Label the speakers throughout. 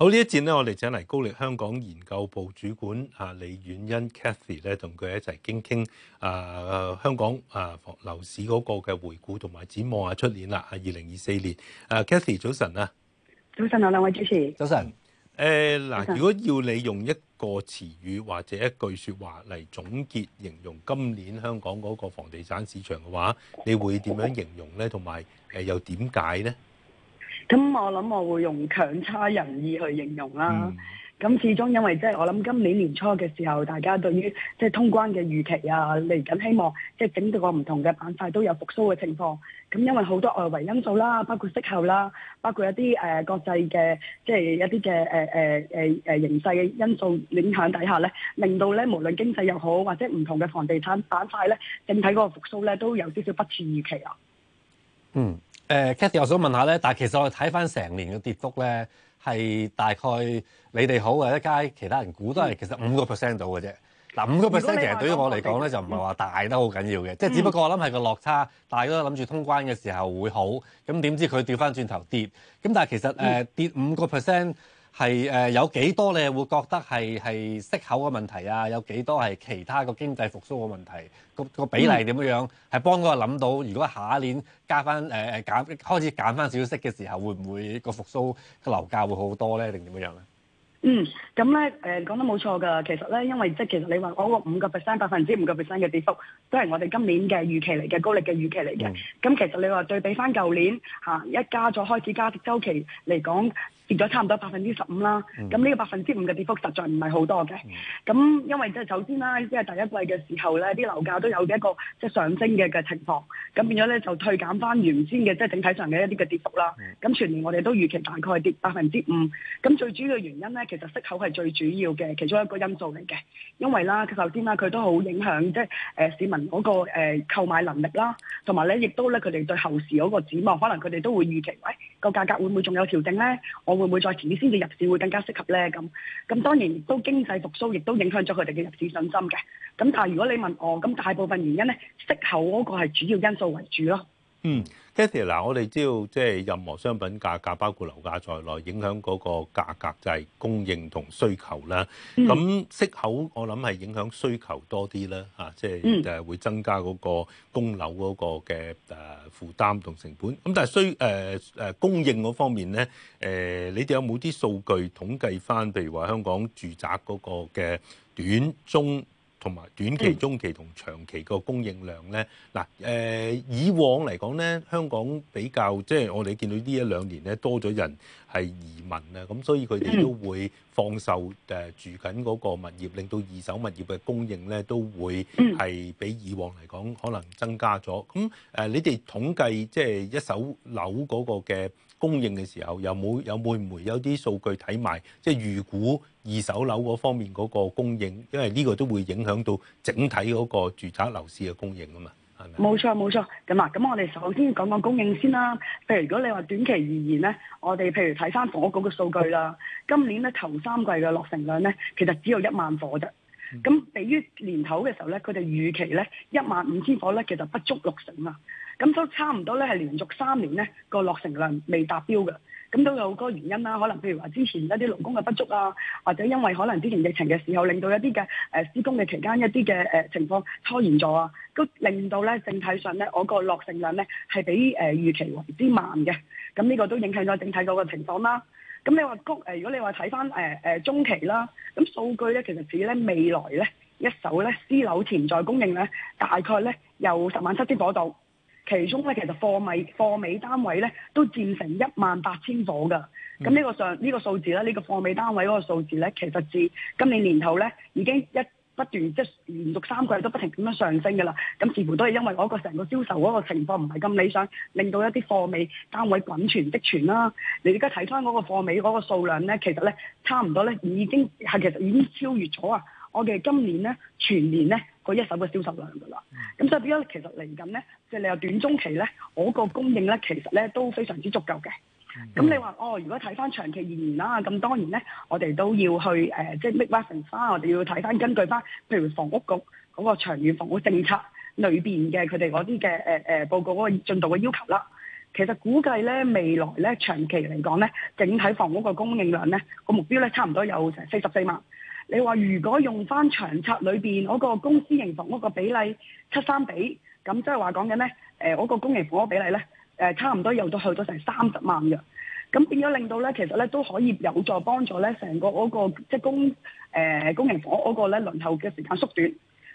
Speaker 1: 好，呢一節呢，我哋請嚟高力香港研究部主管啊李婉茵 Cathy 咧，同佢一齊傾傾啊香港啊房樓市嗰個嘅回顧同埋展望下出年啦，係二零二四年。誒、啊、Cathy 早晨啊，早晨啊，兩
Speaker 2: 位主持，早晨。
Speaker 1: 誒嗱、呃，晨如果要你用一個詞語或者一句說話嚟總結形容今年香港嗰個房地產市場嘅話，你會點樣形容咧？同埋誒，又點解咧？
Speaker 2: 咁我諗我會用強差人意去形容啦。咁、嗯、始終因為即係、就是、我諗今年年初嘅時候，大家對於即係通關嘅預期啊，嚟緊希望即係、就是、整到個唔同嘅板塊都有復甦嘅情況。咁因為好多外圍因素啦，包括息口啦，包括一啲、呃、國際嘅即係一啲嘅、呃呃、形勢嘅因素影響底下咧，令到咧無論經濟又好或者唔同嘅房地產板塊咧，整體嗰個復甦咧都有少少不似預期啊。
Speaker 3: 嗯，誒、呃、Kathy，我想問下咧，但係其實我哋睇翻成年嘅跌幅咧，係大概你哋好或者街其他人估都係其實五個 percent 到嘅啫。嗱，五個 percent 其實對於我嚟講咧就唔係話大得好緊要嘅，即係只不過我諗係個落差大家都諗住通關嘅時候會好，咁點知佢調翻轉頭跌，咁但係其實誒、呃、跌五個 percent。呃、有幾多你會會覺得係係息口嘅問題啊？有幾多係其他個經濟復甦嘅問題？個，個比例點樣樣係、嗯、幫我諗到？如果下一年加翻誒誒減開始減翻少息嘅時候，會唔會個復甦個樓價會好多咧？定點樣咧？嗯，
Speaker 2: 咁咧誒講得冇錯㗎。其實咧，因為即、就係、其實你話嗰個五個 percent 百分之五個 percent 嘅跌幅，的都係我哋今年嘅預期嚟嘅高力嘅預期嚟嘅。咁、嗯、其實你話對比翻舊年、啊、一加咗開始加息周期嚟講。跌咗差唔多百分之十五啦，咁呢個百分之五嘅跌幅實在唔係好多嘅。咁因為即係首先啦，即係第一季嘅時候咧，啲樓價都有嘅一個即係上升嘅嘅情況，咁變咗咧就退減返原先嘅即係整體上嘅一啲嘅跌幅啦。咁全年我哋都預期大概係跌百分之五。咁最主要嘅原因咧，其實息口係最主要嘅其中一個因素嚟嘅，因為啦，首先啦，佢都好影響即係誒市民嗰個誒購買能力啦，同埋咧亦都咧佢哋對後市嗰個展望，可能佢哋都會預期，喂。個價格會唔會仲有調整咧？我會唔會再遲啲先至入市會更加適合咧？咁咁當然亦都經濟復甦，亦都影響咗佢哋嘅入市信心嘅。咁但係如果你問我，咁大部分原因咧，息口嗰個係主要因素為主咯。
Speaker 1: 嗯，Katie 嗱，Kathy, 我哋知道即係任何商品價格，包括樓價在內，影響嗰個價格就係供應同需求啦。咁、嗯、息口我諗係影響需求多啲啦，吓，即係會增加嗰個供樓嗰個嘅誒負擔同成本。咁但係需誒誒、呃呃、供應嗰方面咧，誒、呃，你哋有冇啲數據統計翻？譬如話香港住宅嗰個嘅短中。同埋短期、中期同長期個供應量咧，嗱誒，以往嚟講咧，香港比較即係、就是，我哋見到呢一兩年咧多咗人係移民啊，咁所以佢哋都會放售誒住緊嗰個物業，令到二手物業嘅供應咧都會係比以往嚟講可能增加咗。咁誒，你哋統計即係一手樓嗰個嘅。供應嘅時候，有冇有會唔會有啲數據睇埋？即係預估二手樓嗰方面嗰個供應，因為呢個都會影響到整體嗰個住宅樓市嘅供應啊嘛，係
Speaker 2: 咪？冇錯冇錯，咁啊，咁我哋首先講講供應先啦。譬如如果你話短期而言咧，我哋譬如睇返房屋局嘅數據啦，今年咧頭三季嘅落成量咧，其實只有一萬夥啫。咁比於年頭嘅時候咧，佢哋預期咧一萬五千夥咧，其實不足六成啊。咁都差唔多咧，係連續三年咧，個落成量未達標嘅，咁都有好多原因啦。可能譬如話之前一啲勞工嘅不足啊，或者因為可能之前疫情嘅時候，令到一啲嘅施工嘅期間一啲嘅、呃、情況拖延咗啊，都令到咧整體上咧我個落成量咧係比呃、預期為之慢嘅。咁呢個都影響咗整體嗰個情況啦。咁你話谷誒，如果你話睇翻中期啦，咁數據咧其實指咧未來咧一手咧私樓潛在供應咧大概咧有十萬七千個度。其中咧，其實貨米貨尾單位咧都佔成一萬八千夥㗎。咁呢個上呢、呢個數字咧，呢、呢個貨尾單位嗰個數字咧，其實自今年年頭咧已經一不斷即係、即係、連續三個月都不停咁樣上升㗎啦。咁似乎都係因為嗰個成個銷售嗰個情況唔係咁理想，令到一啲貨尾單位滾存積存啦。你而家睇翻嗰個貨尾嗰個數量咧，其實咧差唔多咧已經係其實已經超越咗啊，我哋今年咧全年咧嗰一手嘅銷售量噶啦，咁所以變咗其實嚟緊咧，即係你話短中期咧，我個供應咧其實咧都非常之足夠嘅。咁、嗯嗯嗯、你話哦，如果睇翻長期而言啦，咁當然咧，我哋都要去、呃、即係 make reference 翻，我哋要睇翻根據翻，譬如房屋局嗰個長遠房屋政策裏面嘅佢哋嗰啲嘅誒報告嗰個進度嘅要求啦。其實估計咧未來咧長期嚟講咧，整體房屋個供應量咧個目標咧差唔多有成四十四萬。你話如果用翻長策裏面嗰個公私營房屋個比例七三比，咁即係話講緊咧，我、呃嗰個公營房屋嘅比例咧、呃，差唔多又都去到成三十萬嘅，咁變咗令到咧，其實咧都可以有助幫助咧，成個嗰、嗰個即公誒公營房屋嗰個咧輪候嘅時間縮短，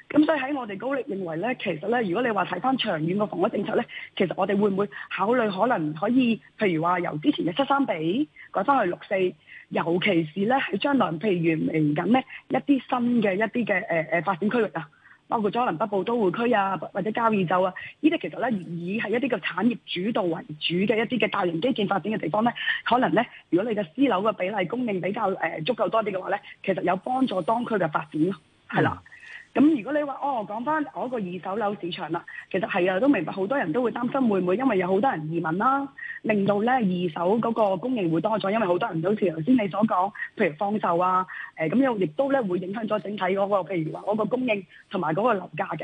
Speaker 2: 咁所以喺我哋高力認為咧，其實咧，如果你話睇翻長遠嘅房屋政策咧，其實我哋會唔會考慮可能可以，譬如話由之前嘅七三比改翻去六四？尤其是咧喺將來，譬如移民緊咧一啲新嘅一啲嘅誒誒發展區域啊，包括咗臨北部都會區啊，或者交椅洲啊，呢啲其實咧以係一啲嘅產業主導為主嘅一啲嘅大型基建發展嘅地方咧，可能咧如果你嘅私樓嘅比例供應比較誒、呃、足夠多啲嘅話咧，其實有幫助當區嘅發展咯，係啦的。咁如果你話哦，講返我個二手樓市場啦，其實係啊，都明白好多人都會擔心會唔會因為有好多人移民啦、啊。令到咧二手嗰個供應會多咗，因為好多人都好似頭先你所講，譬如放售啊，誒咁樣亦都咧會影響咗整體嗰個，譬如話嗰個供應同埋嗰個樓價嘅。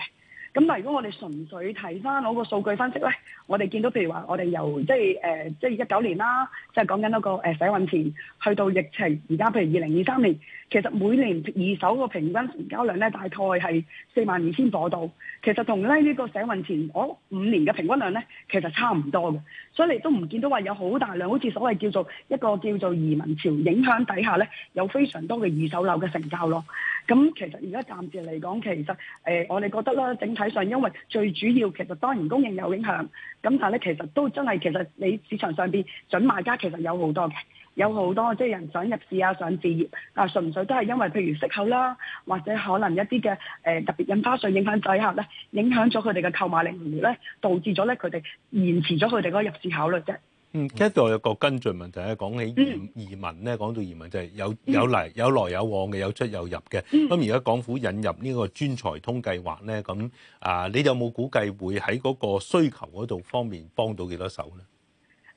Speaker 2: 咁但如果我哋純粹睇翻嗰個數據分析咧，我哋見到譬如話，我哋由即係誒，即係一九年啦，即係講緊嗰個誒社運前，去到疫情而家，現在譬如二零二三年，其實每年二手個平均成交量咧，大概係四萬二千個度。其實同咧呢個社運前我五年嘅平均量咧，其實差唔多嘅，所以你都唔見到話有好大量，好似所謂叫做一個叫做移民潮影響底下咧，有非常多嘅二手樓嘅成交咯。咁其實而家暫時嚟講，其實誒、呃、我哋覺得咧，整體上因為最主要其實當然供應有影響，咁但係咧其實都真係其實你市場上邊準買家其實有好多嘅，有好多即係人想入市啊，想置業，但係純粹都係因為譬如息口啦，或者可能一啲嘅誒特別印花稅影響底下咧，影響咗佢哋嘅購買力咧，導致咗咧佢哋延遲咗佢哋嗰個入市考慮啫。
Speaker 1: 嗯，跟住我有個跟進問題。講起移民咧，講到移民就係有有嚟有來有往嘅，有出有入嘅。咁而家港府引入呢個專才通計劃咧，咁啊，你有冇估計會喺嗰個需求嗰度方面幫到幾多手咧？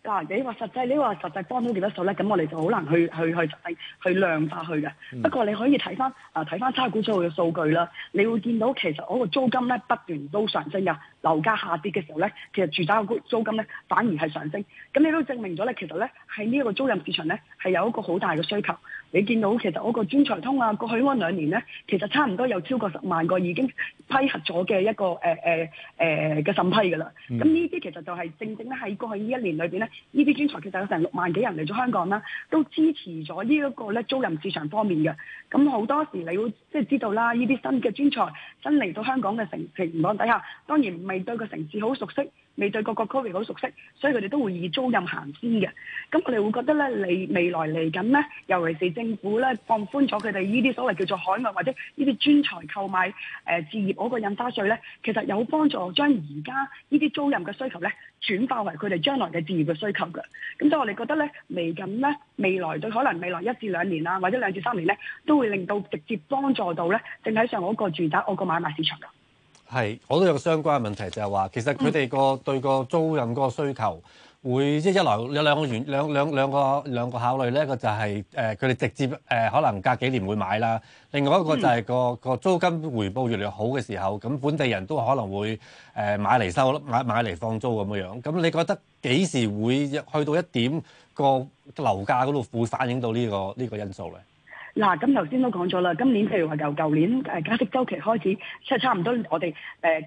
Speaker 2: 嗱、啊，你話實際，你話實際幫到幾多手咧？咁我哋就好難去去去去量化去嘅。不過你可以睇翻啊，睇翻差估署嘅數據啦，你會見到其實嗰個租金咧，不斷都上升呀，樓價下跌嘅時候咧，其實住宅租金咧反而係上升。咁你都證明咗咧，其實咧喺呢一個租賃市場咧係有一個好大嘅需求。你見到其實我個專才通啊，過去嗰兩年咧，其實差唔多有超過十萬個已經批核咗嘅一個嘅審、呃呃、批㗎啦。咁呢啲其實就係正正咧喺過去呢一年裏面咧，呢啲專才其實有成六萬幾人嚟咗香港啦，都支持咗呢一個咧租賃市場方面嘅。咁好多時你會即係知道啦，呢啲新嘅專才新嚟到香港嘅情情況底下，當然未對個城市好熟悉，未對個個區域好熟悉，所以佢哋都會以租賃行先嘅。咁我哋會覺得咧，你未來嚟緊咧，尤其是政府咧放寬咗佢哋呢啲所謂叫做海外或者呢啲專才購買誒、呃、置業嗰個印花稅咧，其實有幫助將而家呢啲租賃嘅需求咧轉化為佢哋將來嘅置業嘅需求嘅。咁所以我哋覺得咧，嚟緊咧未來對可能未來一至兩年啊，或者兩至三年咧，都會令到直接幫助到咧整體上嗰個住宅、嗰、嗰個買賣市場。噶
Speaker 3: 係我都有個相關嘅問題，就係、是、話其實佢哋個對個租賃嗰個需求。會即一來有兩個原兩兩兩個兩個考慮呢一個就係誒佢哋直接誒、呃、可能隔幾年會買啦，另外一個就係、是嗯、個個租金回報越嚟越好嘅時候，咁本地人都可能會誒、呃、買嚟收，買買嚟放租咁樣。咁你覺得幾時會去到一點個樓價嗰度會反映到呢、這個呢、這個因素咧？
Speaker 2: 嗱，咁頭先都講咗啦，今年譬如話由舊年誒加息週期開始，即係差唔多我哋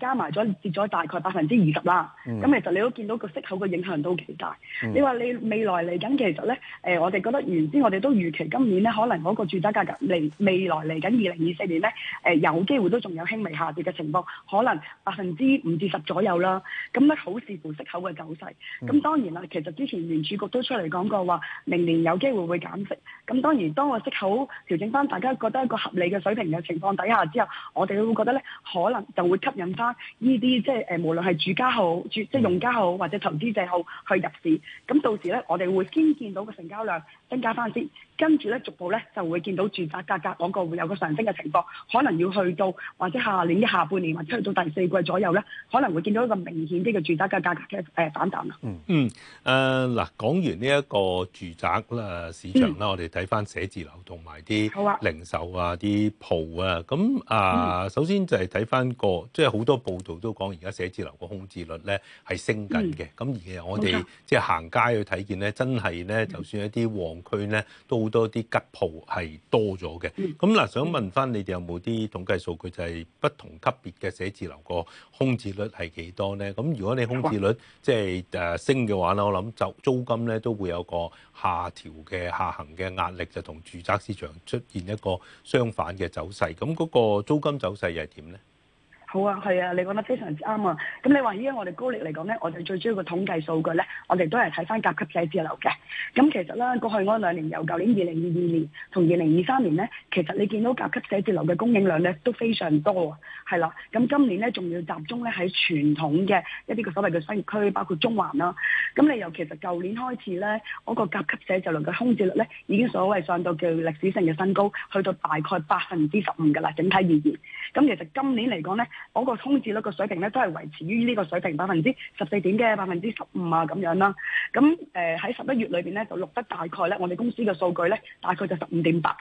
Speaker 2: 加埋咗跌咗大概百分之二十啦。咁、mm. 其實你都見到個息口嘅影響都幾大。Mm. 你話你未來嚟緊其實咧，誒我哋覺得原先我哋都預期今年咧可能嗰個住宅價格嚟未，未來嚟緊二零二四年咧誒有機會都仲有輕微下跌嘅情況，可能百分之五至十左右啦。咁咧好視乎息口嘅走勢。咁、mm. 當然啦，其實之前聯儲局都出嚟講過話，明年有機會會減息。咁當然當個息口。調整翻大家覺得一個合理嘅水平嘅情況底下之後，我哋會覺得咧，可能就會吸引翻呢啲即係誒，無論係住家好住，即係用家好或者投資者好去入市。咁到時咧，我哋會先見到個成交量增加翻先。跟住咧，逐步咧就會見到住宅價格嗰個會有個上升嘅情況，可能要去到或者下年啲下半年，或者去到第四季左右咧，可能會見到一個明顯啲嘅住宅嘅價格嘅誒反彈、嗯嗯、啊。嗯
Speaker 1: 嗯，誒嗱，講完呢一個住宅啦市場啦，嗯、我哋睇翻寫字樓同埋啲零售啊、啲鋪啊，咁啊，嗯、首先就係睇翻個，即係好多報道都講而家寫字樓個空置率咧係升緊嘅。咁、嗯、而我哋、嗯、即係行街去睇見咧，真係咧，就算一啲旺區咧都。好多啲吉鋪係多咗嘅，咁嗱，想問翻你哋有冇啲統計數據，就係不同級別嘅寫字樓個空置率係幾多咧？咁如果你空置率即係誒升嘅話咧，我諗就租金咧都會有個下調嘅下行嘅壓力，就同住宅市場出現一個相反嘅走勢。咁嗰個租金走勢又係點咧？
Speaker 2: 好啊，係啊，你講得非常之啱啊！咁你話依家我哋高力嚟講咧，我哋最主要嘅統計數據咧，我哋都係睇翻甲級寫字樓嘅。咁其實啦，過去嗰兩年由舊年二零二二年同二零二三年咧，其實你見到甲級寫字樓嘅供應量咧都非常多啊，係啦、啊。咁今年咧仲要集中咧喺傳統嘅一啲個所謂嘅商業區，包括中環啦、啊。咁你由其實舊年開始咧，嗰、那個甲級寫字樓嘅空置率咧已經所謂上到叫歷史性嘅新高，去到大概百分之十五㗎啦。整體而言，咁其實今年嚟講咧。嗰個空置率個水平咧，都係維持於呢個水平百分之十四點嘅百分之十五啊咁樣啦。咁誒喺十一月裏邊咧，就錄得大概咧，我哋公司嘅數據咧，大概就十五點八。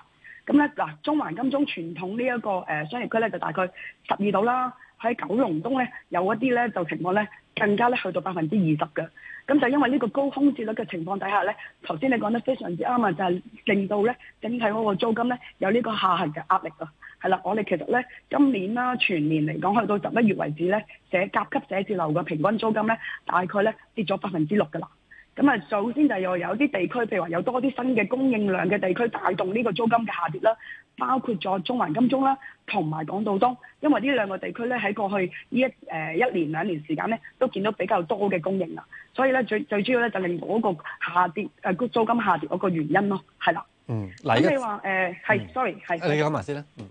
Speaker 2: 咁咧嗱，中環、金鐘傳統呢一個誒商業區咧，就大概十二度啦。喺九龍東咧，有一啲咧就情況咧更加咧去到百分之二十嘅。咁就因為呢個高空置率嘅情況底下咧，頭先你講得非常之啱啊，就係令到咧整體嗰個租金咧有呢個下行嘅壓力咯。係啦，我哋其實咧今年啦，全年嚟講去到十一月為止咧，寫甲級寫字樓嘅平均租金咧，大概咧跌咗百分之六㗎啦。咁啊，首先就又有啲地區，譬如話有多啲新嘅供應量嘅地區，帶動呢個租金嘅下跌啦。包括咗中環、金鐘啦，同埋港島東，因為呢兩個地區咧喺過去呢一誒一年兩年時間咧，都見到比較多嘅供應啦。所以咧最最主要咧就令到嗰個下跌誒租金下跌嗰個原因咯，係啦。嗯，
Speaker 3: 咁你話
Speaker 2: 誒係，sorry，係。你講埋先啦。嗯，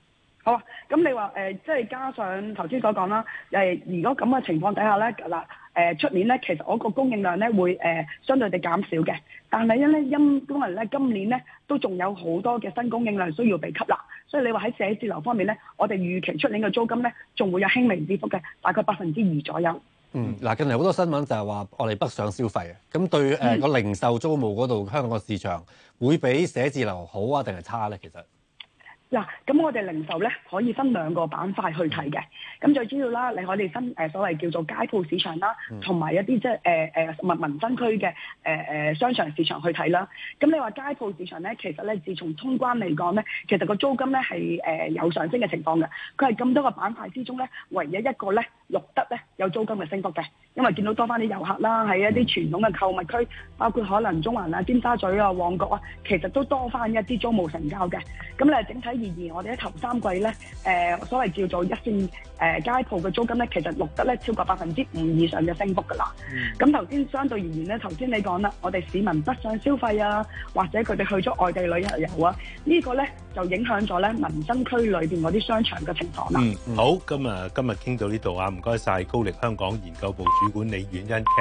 Speaker 2: 好啊。咁你話誒即係加上頭先所講啦。誒，如果咁嘅情況底下咧，嗱、呃。誒出年咧，其實我個供應量咧會誒、呃、相對地減少嘅，但係因咧因工為咧今年咧都仲有好多嘅新供應量需要被吸納，所以你話喺寫字樓方面咧，我哋預期出年嘅租金咧仲會有輕微跌幅嘅，大概百分之二左右。嗯，
Speaker 3: 嗱近嚟好多新聞就係話我哋北上消費啊，咁對誒個、呃、零售租務嗰度香港嘅市場會比寫字樓好啊定係差咧？其實。
Speaker 2: 嗱，咁我哋零售咧可以分兩個板塊去睇嘅，咁最主要啦，你可以分、呃、所謂叫做街鋪市場啦，同埋一啲即係文誒民民生區嘅、呃、商場市場去睇啦。咁你話街鋪市場咧，其實咧，自從通關嚟講咧，其實個租金咧係、呃、有上升嘅情況嘅，佢係咁多個板塊之中咧，唯一一個咧。錄得咧有租金嘅升幅嘅，因為見到多返啲遊客啦，喺一啲傳統嘅購物區，包括可能中環啊、尖沙咀啊、旺角啊，其實都多返一啲租務成交嘅。咁咧，整體而言，我哋喺頭三季咧，誒、呃、所謂叫做一線誒、呃、街鋪嘅租金咧，其實錄得咧超過百分之五以上嘅升幅噶啦。咁頭先相對而言咧，頭先你講啦，我哋市民不想消費啊，或者佢哋去咗外地旅遊啊，這個、呢個咧。就影響咗咧，民生區裏邊嗰啲商場嘅情況
Speaker 1: 啦。嗯，好，咁啊，今日傾到呢度啊，唔該晒，高力香港研究部主管李婉茵。